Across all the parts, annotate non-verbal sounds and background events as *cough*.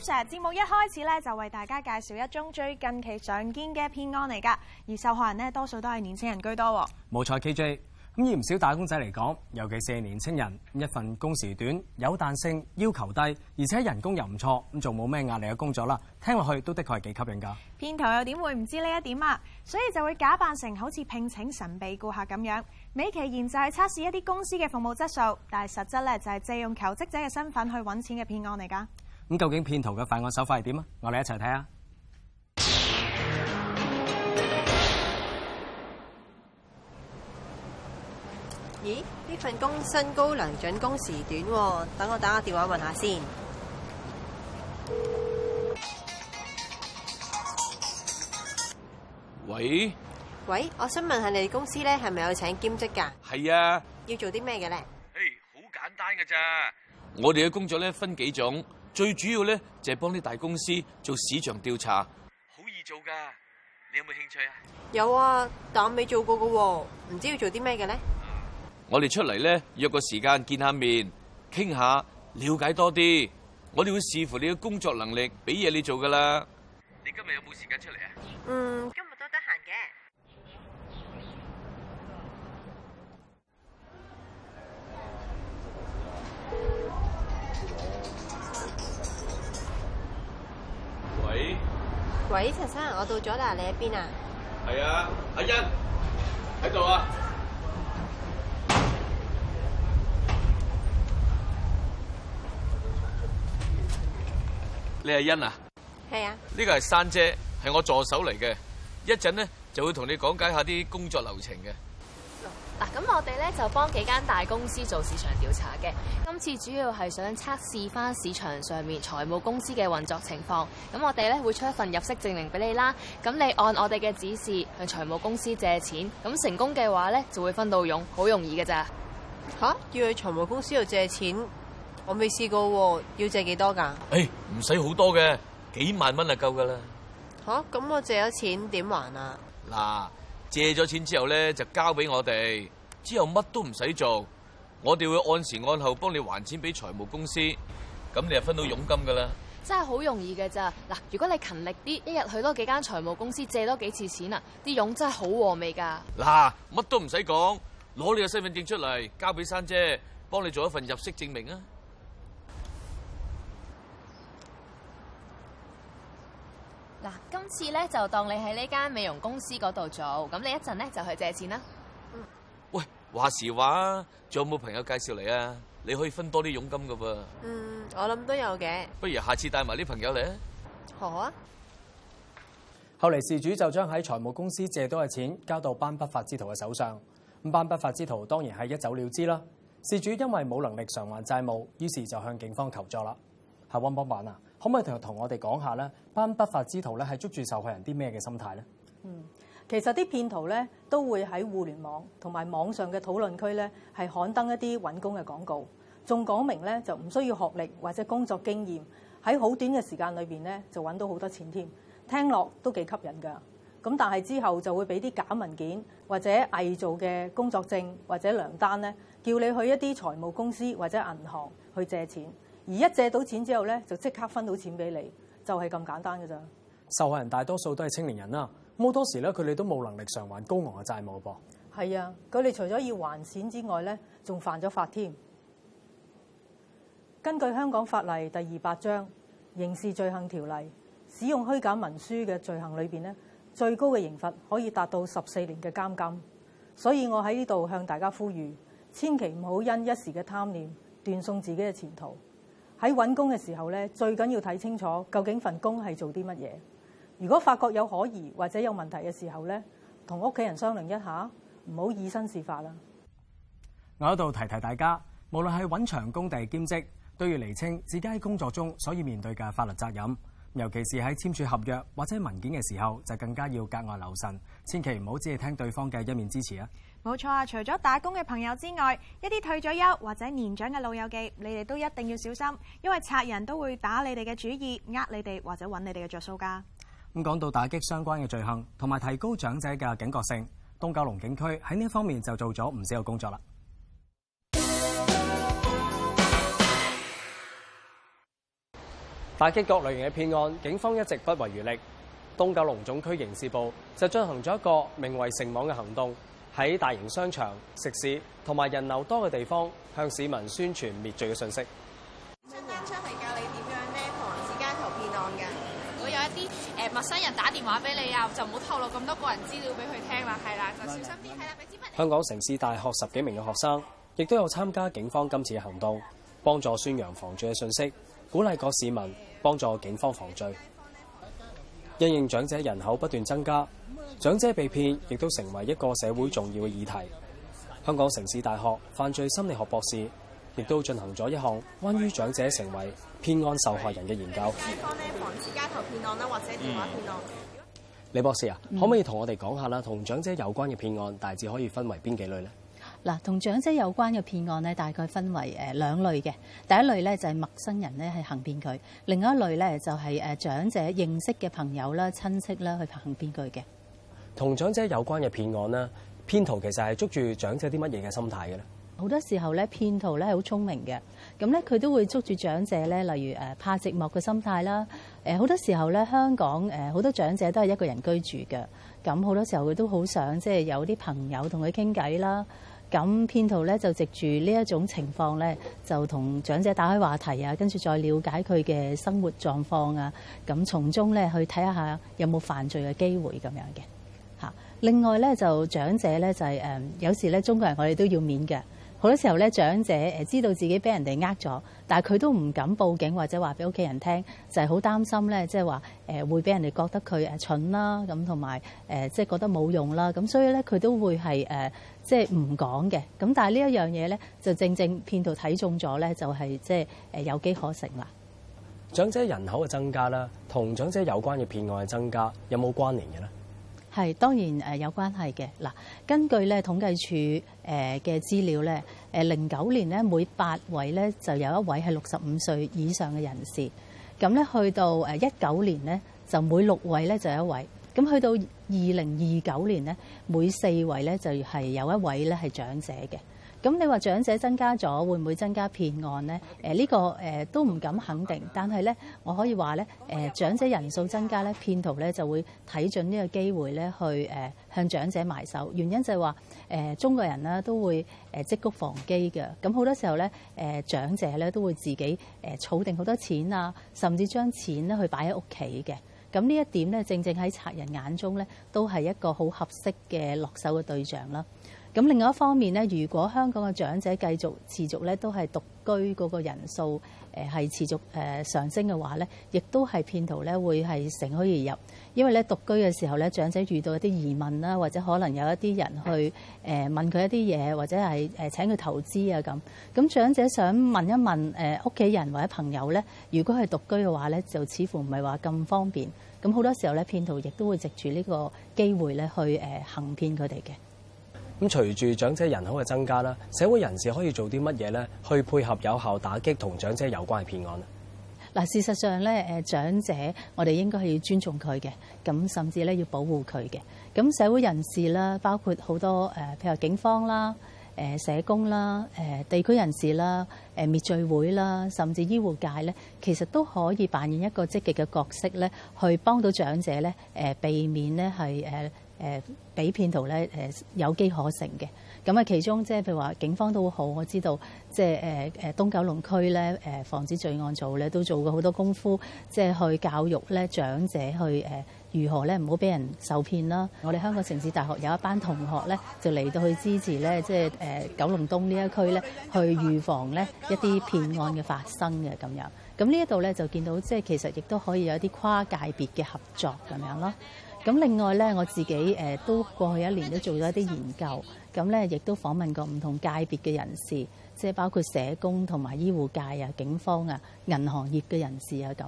節目一開始咧，就為大家介紹一宗最近期上肩嘅騙案嚟噶。而受害人呢，多數都係年輕人居多。冇錯，K J 咁以唔少打工仔嚟講，尤其係年青人，一份工時短、有彈性、要求低，而且人工又唔錯，咁做冇咩壓力嘅工作啦。聽落去都的確係幾吸引噶。騙徒又點會唔知呢一點啊？所以就會假扮成好似聘請神秘顧客咁樣美其言就係測試一啲公司嘅服務質素，但係實質咧就係借用求職者嘅身份去揾錢嘅騙案嚟噶。咁究竟騙徒嘅犯案手法係點啊？我哋一齊睇下。咦？呢份工薪高糧準工時短，等我打個電話問下先。喂？喂，我想問下你哋公司咧，係咪有請兼職噶？係啊。要做啲咩嘅咧？誒，好簡單㗎咋。我哋嘅工作咧分幾種。最主要咧就係幫啲大公司做市場調查，好易做噶，你有冇興趣啊？有啊，但我未做過嘅，唔知要做啲咩嘅咧？我哋出嚟咧約個時間見下面，傾下了解多啲，我哋會視乎你嘅工作能力俾嘢你做噶啦。你今日有冇時間出嚟啊？嗯。喂，陳生，我到咗啦，你喺邊啊？係啊，阿欣，喺度啊？你係阿欣啊？係啊。呢個係珊姐，係我助手嚟嘅，一陣咧就會同你講解下啲工作流程嘅。咁我哋咧就幫幾間大公司做市場調查嘅，今次主要係想測試翻市場上面財務公司嘅運作情況。咁我哋咧會出一份入息證明俾你啦。咁你按我哋嘅指示向財務公司借錢，咁成功嘅話咧就會分到佣，好容易噶咋。吓、啊，要去財務公司度借錢，我未試過喎、啊。要借幾多噶？誒、哎，唔使好多嘅，幾萬蚊就夠噶啦。吓、啊，咁我借咗錢點還啊？嗱。借咗錢之後呢，就交俾我哋，之後乜都唔使做，我哋會按時按后幫你還錢俾財務公司，咁你就分到佣金噶啦。真係好容易㗎咋。嗱，如果你勤力啲，一日去多幾間財務公司，借多幾次錢啊，啲傭真係好和味噶。嗱，乜都唔使講，攞你嘅身份證出嚟，交俾珊姐，幫你做一份入息證明啊。嗱，今次咧，就當你喺呢間美容公司嗰度做，咁你一陣咧，就去借錢啦。嗯。喂，話時話，仲有冇朋友介紹嚟啊？你可以分多啲佣金噶噃。嗯，我諗都有嘅。不如下次帶埋啲朋友嚟啊。好啊。後嚟事主就將喺財務公司借到嘅錢交到班不法之徒嘅手上，咁班不法之徒當然係一走了之啦。事主因為冇能力償還債務，於是就向警方求助啦。係汪幫辦啊。可唔可以同同我哋講下咧？班不法之徒咧係捉住受害人啲咩嘅心態咧？嗯，其實啲騙徒咧都會喺互聯網同埋網上嘅討論區咧，係刊登一啲揾工嘅廣告，仲講明咧就唔需要學歷或者工作經驗，喺好短嘅時間裏面咧就揾到好多錢添，聽落都幾吸引㗎。咁但係之後就會俾啲假文件或者偽造嘅工作證或者糧單咧，叫你去一啲財務公司或者銀行去借錢。而一借到錢之後咧，就即刻分到錢俾你，就係咁簡單嘅咋。受害人大多數都係青年人啦，好多時咧，佢哋都冇能力償還高昂嘅債務噃。係啊，佢哋除咗要還錢之外咧，仲犯咗法添。根據香港法例第二百章《刑事罪行條例》，使用虛假文書嘅罪行裏邊呢，最高嘅刑罰可以達到十四年嘅監禁。所以我喺呢度向大家呼籲，千祈唔好因一時嘅貪念斷送自己嘅前途。喺揾工嘅時候咧，最緊要睇清楚究竟份工係做啲乜嘢。如果發覺有可疑或者有問題嘅時候咧，同屋企人商量一下，唔好以身試法啦。我喺度提提大家，無論係揾長工定兼職，都要釐清自己喺工作中所要面對嘅法律責任。尤其是喺簽署合約或者文件嘅時候，就更加要格外留神，千祈唔好只係聽對方嘅一面之詞啊！冇錯啊！除咗打工嘅朋友之外，一啲退咗休或者年長嘅老友記，你哋都一定要小心，因為賊人都會打你哋嘅主意，呃你哋或者搵你哋嘅着數噶咁講到打擊相關嘅罪行，同埋提高長者嘅警覺性，東九龍警區喺呢方面就做咗唔少嘅工作啦。打擊各類型嘅騙案，警方一直不遺餘力。東九龍總區刑事部就進行咗一個名為“成網”嘅行動。喺大型商場、食肆同埋人流多嘅地方，向市民宣傳滅罪嘅信息。今日出嚟教你點樣咧，防止街頭騙案嘅。如果有一啲誒陌生人打電話俾你啊，就唔好透露咁多個人資料俾佢聽啦，係啦，就小心啲，係啦，香港城市大學十幾名嘅學生，亦都有參加警方今次嘅行動，幫助宣揚防罪嘅信息，鼓勵各市民幫助警方防罪。因應長者人口不斷增加，長者被騙亦都成為一個社會重要嘅議題。香港城市大學犯罪心理學博士亦都進行咗一項關於長者成為騙案受害人嘅研究。一方呢？防止街頭騙案啦，或者電話騙案。李博士啊，嗯、可唔可以同我哋講下啦，同長者有關嘅騙案大致可以分為邊幾類呢？嗱，同長者有關嘅騙案咧，大概分為誒兩類嘅。第一類咧就係陌生人咧係行騙佢，另一類咧就係誒長者認識嘅朋友啦、親戚啦去行騙佢嘅。同長者有關嘅騙案咧，騙徒其實係捉住長者啲乜嘢嘅心態嘅咧。好多時候咧，騙徒咧係好聰明嘅，咁咧佢都會捉住長者咧，例如誒怕寂寞嘅心態啦。誒好多時候咧，香港誒好多長者都係一個人居住嘅，咁好多時候佢都好想即係有啲朋友同佢傾偈啦。咁騙徒咧就藉住呢一種情況咧，就同長者打開話題啊，跟住再了解佢嘅生活狀況啊，咁從中咧去睇下有冇犯罪嘅機會咁樣嘅吓。另外咧就長者咧就係、誒、有時咧中國人我哋都要面嘅，好多時候咧長者，誒知道自己俾人哋呃咗，但係佢都唔敢報警或者話俾屋企人聽，就係好擔心咧即係話誒會俾人哋覺得佢誒蠢啦，咁同埋誒即係覺得冇用啦，咁所以咧佢都會係誒。即係唔講嘅，咁但係呢一樣嘢咧，就正正騙徒睇中咗咧，就係即係誒有機可乘啦。長者人口嘅增加啦，同長者有關嘅騙案嘅增加有冇關聯嘅咧？係當然誒有關係嘅。嗱，根據咧統計處誒嘅資料咧，誒零九年咧每八位咧就有一位係六十五歲以上嘅人士，咁咧去到誒一九年咧就每六位咧就有一位。咁去到二零二九年呢，每四位呢就係有一位呢係長者嘅。咁你話長者增加咗，會唔會增加騙案呢？誒、這個，呢個誒都唔敢肯定，但係呢，我可以話呢，誒、呃，長者人數增加呢，騙徒呢就會睇準呢個機會呢去誒、呃、向長者埋手。原因就係話誒，中國人呢都會誒積穀防饑嘅。咁好多時候呢，誒、呃，長者呢都會自己誒儲、呃、定好多錢啊，甚至將錢呢去擺喺屋企嘅。咁呢一點咧，正正喺賊人眼中咧，都係一個好合適嘅落手嘅對象啦。咁另外一方面咧，如果香港嘅長者繼續持續咧都係獨居嗰個人數誒係、呃、持續誒、呃、上升嘅話咧，亦都係騙徒咧會係乘虛而入，因為咧獨居嘅時候咧長者遇到一啲疑問啦，或者可能有一啲人去誒的、呃、問佢一啲嘢，或者係誒、呃、請佢投資啊咁。咁長者想問一問誒屋企人或者朋友咧，如果係獨居嘅話咧，就似乎唔係話咁方便。咁好多時候咧騙徒亦都會藉住呢個機會咧去誒、呃、行騙佢哋嘅。咁隨住長者人口嘅增加啦，社會人士可以做啲乜嘢咧？去配合有效打擊同長者有關嘅騙案咧？嗱，事實上咧，誒長者我哋應該係要尊重佢嘅，咁甚至咧要保護佢嘅。咁社會人士啦，包括好多誒，譬如警方啦、誒社工啦、誒地區人士啦、誒滅罪會啦，甚至醫護界咧，其實都可以扮演一個積極嘅角色咧，去幫到長者咧，誒避免咧係誒。誒俾騙徒咧誒有機可乘嘅，咁啊其中即係譬如話警方都好，我知道即係誒誒東九龍區咧誒防止罪案組咧都做過好多功夫，即係去教育咧長者去誒如何咧唔好俾人受騙啦。我哋香港城市大學有一班同學咧就嚟到去支持咧，即係誒九龍東呢一區咧去預防咧一啲騙案嘅發生嘅咁樣。咁呢一度咧就見到即係其實亦都可以有一啲跨界別嘅合作咁樣咯。咁另外咧，我自己誒都過去一年都做咗一啲研究，咁咧亦都訪問過唔同界別嘅人士，即係包括社工同埋醫護界啊、警方啊、銀行業嘅人士啊咁。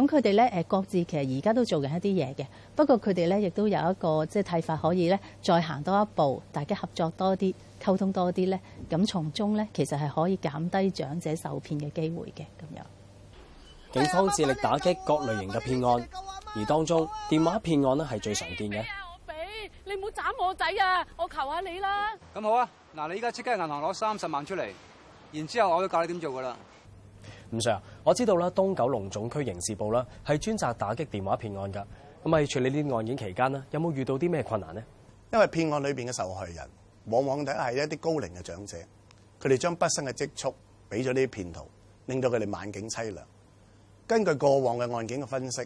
咁佢哋咧誒各自其實而家都做緊一啲嘢嘅，不過佢哋咧亦都有一個即係睇法，可以咧再行多一步，大家合作多啲，溝通多啲咧，咁從中咧其實係可以減低長者受騙嘅機會嘅。咁樣。警方致力打擊各類型嘅騙案。而當中、啊、電話騙案咧係最常見嘅、啊。我俾你，唔好斬我仔啊！我求下你啦。咁好啊，嗱，你依家即刻去銀行攞三十萬出嚟，然之後我都教你點做噶啦。吳、嗯、Sir，我知道啦，東九龍總區刑事部啦係專責打擊電話騙案噶。咁喺啊，處理呢啲案件期間呢，有冇遇到啲咩困難呢？因為騙案裏邊嘅受害人往往係一啲高齡嘅長者，佢哋將畢生嘅積蓄俾咗呢啲騙徒，令到佢哋晚景淒涼。根據過往嘅案件嘅分析。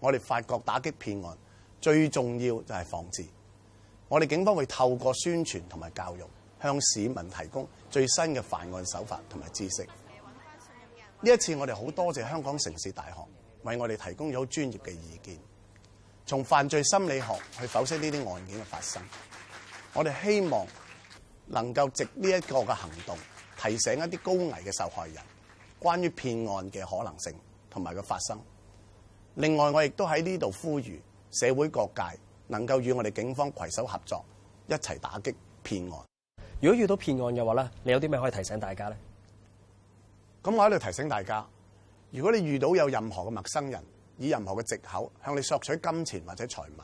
我哋發覺打擊騙案最重要就係防止。我哋警方會透過宣傳同埋教育，向市民提供最新嘅犯案手法同埋知識。呢一次我哋好多謝香港城市大學為我哋提供咗好專業嘅意見，從犯罪心理學去剖析呢啲案件嘅發生。我哋希望能夠藉呢一個嘅行動，提醒一啲高危嘅受害人關於騙案嘅可能性同埋個發生。另外，我亦都喺呢度呼籲社會各界能夠與我哋警方攜手合作，一齊打擊騙案。如果遇到騙案嘅話咧，你有啲咩可以提醒大家呢？咁我喺度提醒大家，如果你遇到有任何嘅陌生人以任何嘅藉口向你索取金錢或者財物，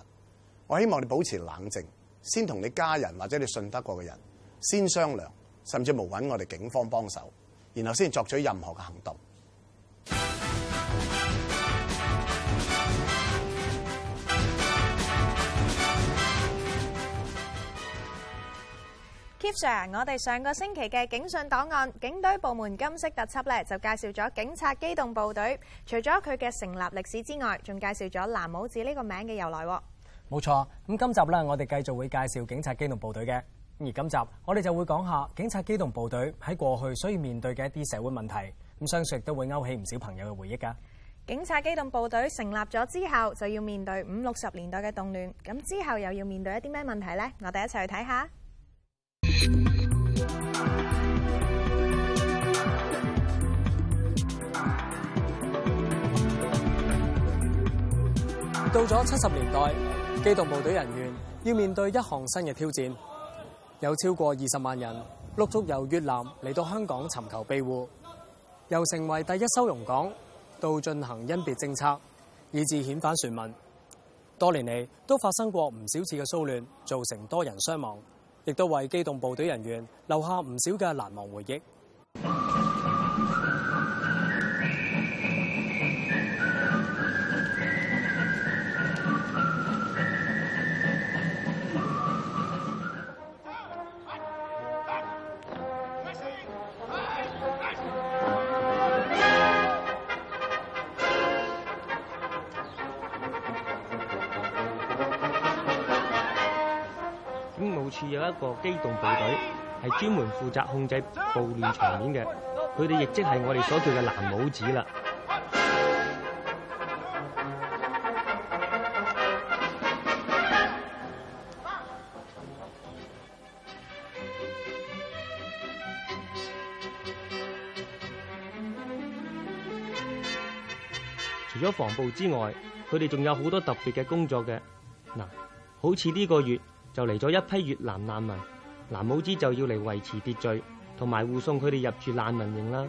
我希望你保持冷靜，先同你家人或者你信得過嘅人先商量，甚至無揾我哋警方幫手，然後先作取任何嘅行動。Kip Sir, 我哋上個星期嘅警訊檔案，警隊部門金色特輯咧就介紹咗警察機動部隊。除咗佢嘅成立歷史之外，仲介紹咗藍帽子呢個名嘅由來。冇錯，咁今集咧我哋繼續會介紹警察機動部隊嘅。而今集我哋就會講下警察機動部隊喺過去所要面對嘅一啲社會問題。咁相信都會勾起唔少朋友嘅回憶噶。警察機動部隊成立咗之後，就要面對五六十年代嘅動亂。咁之後又要面對一啲咩問題呢？我哋一齊去睇下。到咗七十年代，機動部隊人員要面對一項新嘅挑戰，有超過二十萬人陸續由越南嚟到香港尋求庇護，由成為第一收容港，到進行甄別政策，以致遣返船民。多年嚟都發生過唔少次嘅騷亂，造成多人傷亡。亦都為機動部隊人員留下唔少嘅難忘回憶。一個機動部隊係專門負責控制暴亂場面嘅，佢哋亦即係我哋所叫嘅藍帽子啦。除咗防暴之外，佢哋仲有好多特別嘅工作嘅。嗱，好似呢個月。就嚟咗一批越南難民，藍武茲就要嚟維持秩序，同埋護送佢哋入住難民營啦。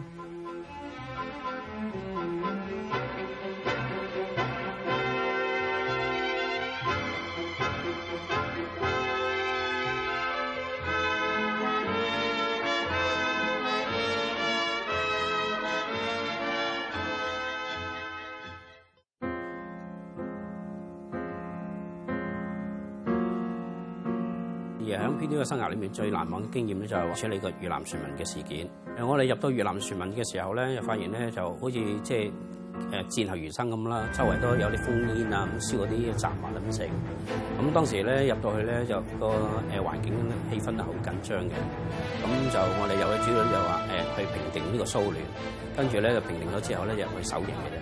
而喺編導嘅生涯裏面最難忘嘅經驗咧就係處理個越南船民嘅事件。誒，我哋入到越南船民嘅時候咧，就發現咧就好似即係誒戰後餘生咁啦，周圍都有啲烽煙啊，燒嗰啲雜物咁剩。咁當時咧入到去咧就個誒環境氣氛係好緊張嘅。咁就我哋有個主令就話誒去平定呢個騷亂，跟住咧就平定咗之後咧就去守營嘅啫。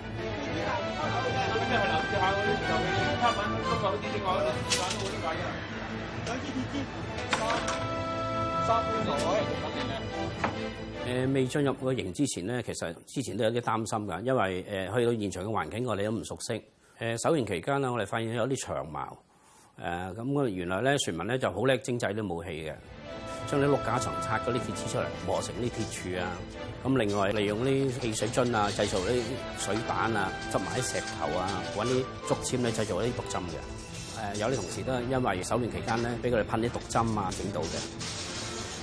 *music* 兩支鐵枝，三三誒，未進入個營之前咧，其實之前都有啲擔心㗎，因為誒去到現場嘅環境我哋都唔熟悉。誒守營期間啦，我哋發現有啲長矛。誒咁，原來咧船民咧就好叻精製啲武器嘅，將啲碌架床拆嗰啲鐵枝出嚟磨成啲鐵柱啊。咁另外利用啲汽水樽啊，製造啲水板啊，執埋啲石頭啊，揾啲竹籤嚟製造啲毒針嘅。有啲同事都係因為守聯期間咧，俾佢哋噴啲毒針啊，整到嘅。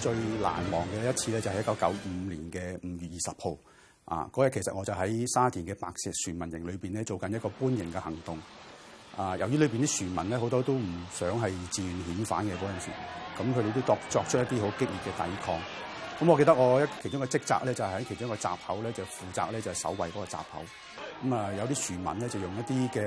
最難忘嘅一次咧，就係一九九五年嘅五月二十號啊，嗰日其實我就喺沙田嘅白石船民營裏邊咧，做緊一個搬營嘅行動啊。由於裏邊啲船民咧，好多都唔想係自願遣返嘅嗰陣時，咁佢哋都作作出一啲好激烈嘅抵抗。咁我記得我一其中一個職責咧，就係喺其中一個閘口咧，就負責咧就係守衛嗰個閘口。咁啊，有啲船民咧就用一啲嘅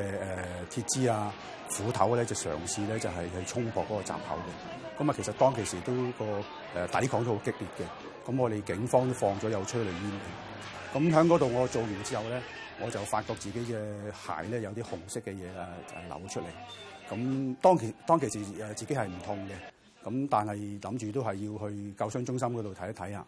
誒鐵枝啊、斧頭咧，就嘗試咧就係去衝破嗰個閘口嘅。咁啊，其實當其時都個誒、呃、抵抗都好激烈嘅。咁我哋警方都放咗有催淚煙嘅。咁喺嗰度我做完之後咧，我就發覺自己嘅鞋咧有啲紅色嘅嘢啊，就係扭出嚟。咁當其當其時誒自己係唔痛嘅。咁但係諗住都係要去救傷中心嗰度睇一睇啊。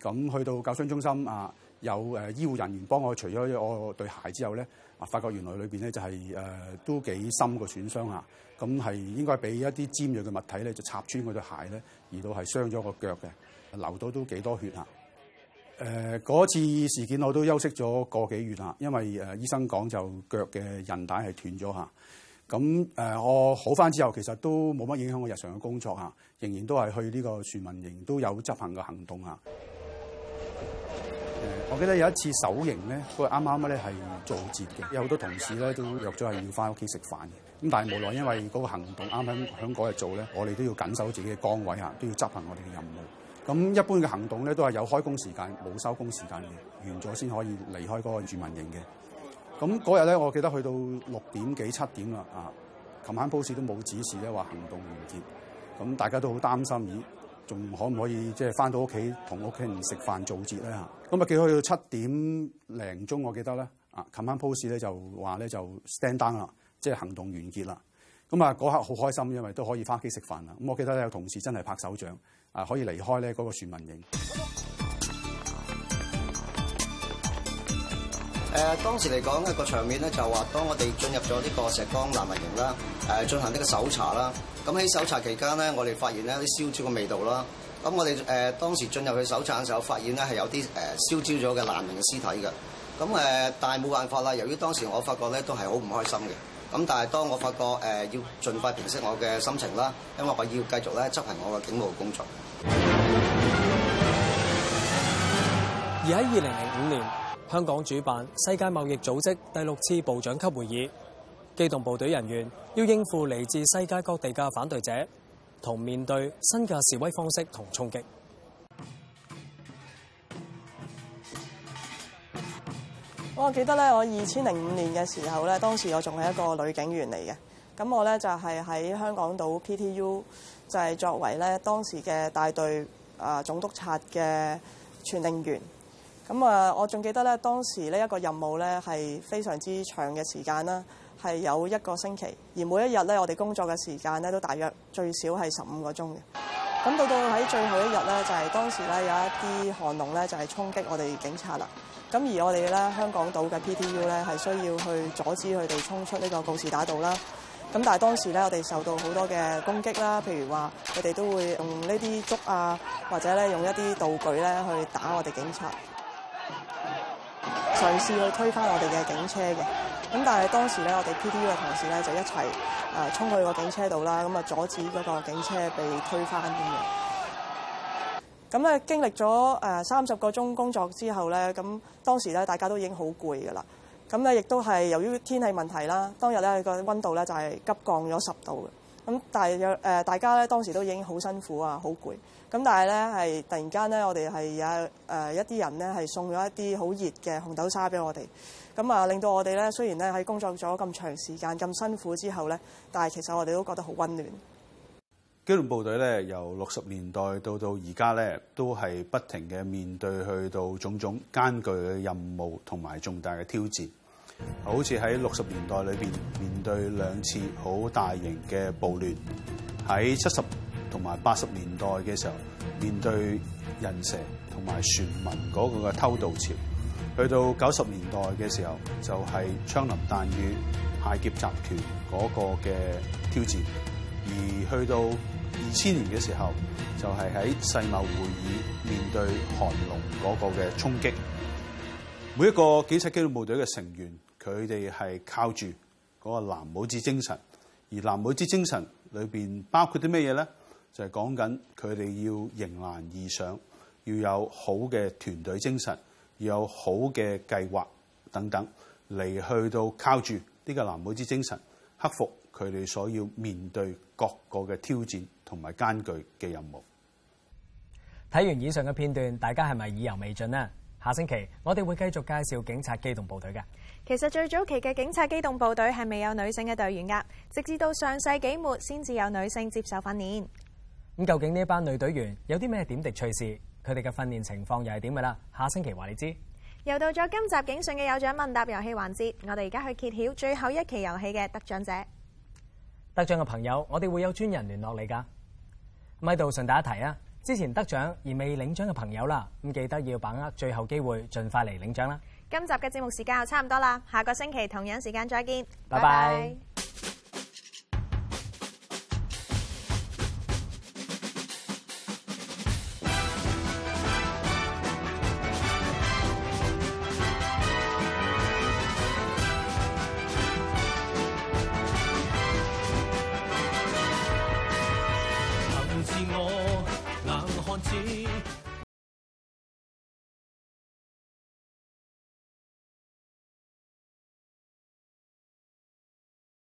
咁去到救傷中心啊。有誒、呃、醫護人員幫我除咗我對鞋之後咧，啊，發覺原來裏邊咧就係、是、誒、呃、都幾深個損傷啊！咁係應該俾一啲尖鋭嘅物體咧就插穿我對鞋咧，而到係傷咗個腳嘅，流到都幾多血啊！誒，嗰次事件我都休息咗個幾月啊，因為誒、啊、醫生講就腳嘅韌帶係斷咗嚇，咁、啊、誒、啊、我好翻之後其實都冇乜影響我日常嘅工作啊，仍然都係去呢個船民營都有執行嘅行動啊。我記得有一次首營咧，都啱啱咧係做節嘅，有好多同事咧都約咗係要翻屋企食飯嘅。咁但係無奈因為嗰個行動啱啱響嗰日做咧，我哋都要緊守自己嘅崗位嚇，都要執行我哋嘅任務。咁一般嘅行動咧都係有開工時間、冇收工時間嘅，完咗先可以離開嗰個住民營嘅。咁嗰日咧，我記得去到六點幾七點啦，啊，琴晚鋪士都冇指示咧話行動完結，咁大家都好擔心咦？仲可唔可以即係翻到屋企同屋企人食飯做節咧嚇？咁啊，記去到七點零鐘，我記得咧啊，琴晚 pose 咧就話咧就 stand down 啦，即係行動完結啦。咁啊，嗰刻好開心，因為都可以翻屋企食飯啦。咁我記得咧有同事真係拍手掌啊，可以離開咧嗰個船民營。誒當時嚟講一個場面咧，就話當我哋進入咗呢個石崗難民營啦，誒進行呢個搜查啦。咁喺搜查期間咧，我哋發現呢啲燒焦嘅味道啦。咁我哋誒當時進入去搜查嘅時候，發現咧係有啲誒燒焦咗嘅難民嘅屍體嘅。咁誒，但係冇辦法啦。由於當時我發覺咧都係好唔開心嘅。咁但係當我發覺誒要盡快平息我嘅心情啦，因為我要繼續咧執行我嘅警務工作。而喺二零零五年。香港主辦世界貿易組織第六次部長級會議，機動部隊人員要應付嚟自世界各地嘅反對者，同面對新嘅示威方式同衝擊。我記得咧，我二千零五年嘅時候咧，當時我仲係一個女警員嚟嘅，咁我咧就係喺香港島 PTU 就係作為咧當時嘅大隊啊總督察嘅傳令員。咁啊，我仲記得咧，當時呢一個任務咧係非常之長嘅時間啦，係有一個星期。而每一日咧，我哋工作嘅時間咧都大約最少係十五個鐘嘅。咁到到喺最後一日咧，就係、是、當時咧有一啲韓龍咧就係衝擊我哋警察啦。咁而我哋咧香港島嘅 p D u 咧係需要去阻止佢哋衝出呢個告士打道啦。咁但係當時咧，我哋受到好多嘅攻擊啦，譬如話，佢哋都會用呢啲竹啊，或者咧用一啲道具咧去打我哋警察。嘗試去推翻我哋嘅警車嘅，咁但係當時咧，我哋 PTU 嘅同事咧就一齊啊衝去個警車度啦，咁啊阻止嗰個警車被推翻嘅。咁咧、嗯、經歷咗誒三十個鐘工作之後咧，咁當時咧大家都已經好攰㗎啦。咁咧亦都係由於天氣問題啦，當日咧個温度咧就係急降咗十度嘅。咁但係有誒，大家咧當時都已經好辛苦啊，好攰。咁但係咧係突然間咧，我哋係有誒一啲人咧係送咗一啲好熱嘅紅豆沙俾我哋。咁啊，令到我哋咧雖然咧喺工作咗咁長時間、咁辛苦之後咧，但係其實我哋都覺得好温暖。機動部隊咧，由六十年代到到而家咧，都係不停嘅面對去到種種艱巨嘅任務同埋重大嘅挑戰。好似喺六十年代裏邊面面對兩次好大型嘅暴亂，喺七十同埋八十年代嘅時候面對人蛇同埋船民嗰個嘅偷渡潮，去到九十年代嘅時候就係槍林彈雨、械劫集團嗰個嘅挑戰，而去到二千年嘅時候就係喺世貿會議面對韓農嗰個嘅衝擊。每一個警察機動部隊嘅成員。佢哋係靠住嗰個藍帽子精神，而藍帽子精神裏邊包括啲咩嘢咧？就係講緊，佢哋要迎難而上，要有好嘅團隊精神，要有好嘅計劃等等嚟，去到靠住呢個藍帽子精神，克服佢哋所要面對各個嘅挑戰同埋艱巨嘅任務。睇完以上嘅片段，大家係咪意猶未盡咧？下星期我哋會繼續介紹警察機動部隊嘅。其實最早期嘅警察機動部隊係未有女性嘅隊員噶，直至到上世紀末先至有女性接受訓練。咁究竟呢班女隊員有啲咩點滴趣事？佢哋嘅訓練情況又係點噶啦？下星期話你知。又到咗今集警訊嘅有獎問答遊戲環節，我哋而家去揭曉最後一期遊戲嘅得獎者。得獎嘅朋友，我哋會有專人聯絡你噶。喺度順帶一提啊，之前得獎而未領獎嘅朋友啦，咁記得要把握最後機會，盡快嚟領獎啦。今集嘅節目時間又差唔多啦，下個星期同樣時間再見，拜拜。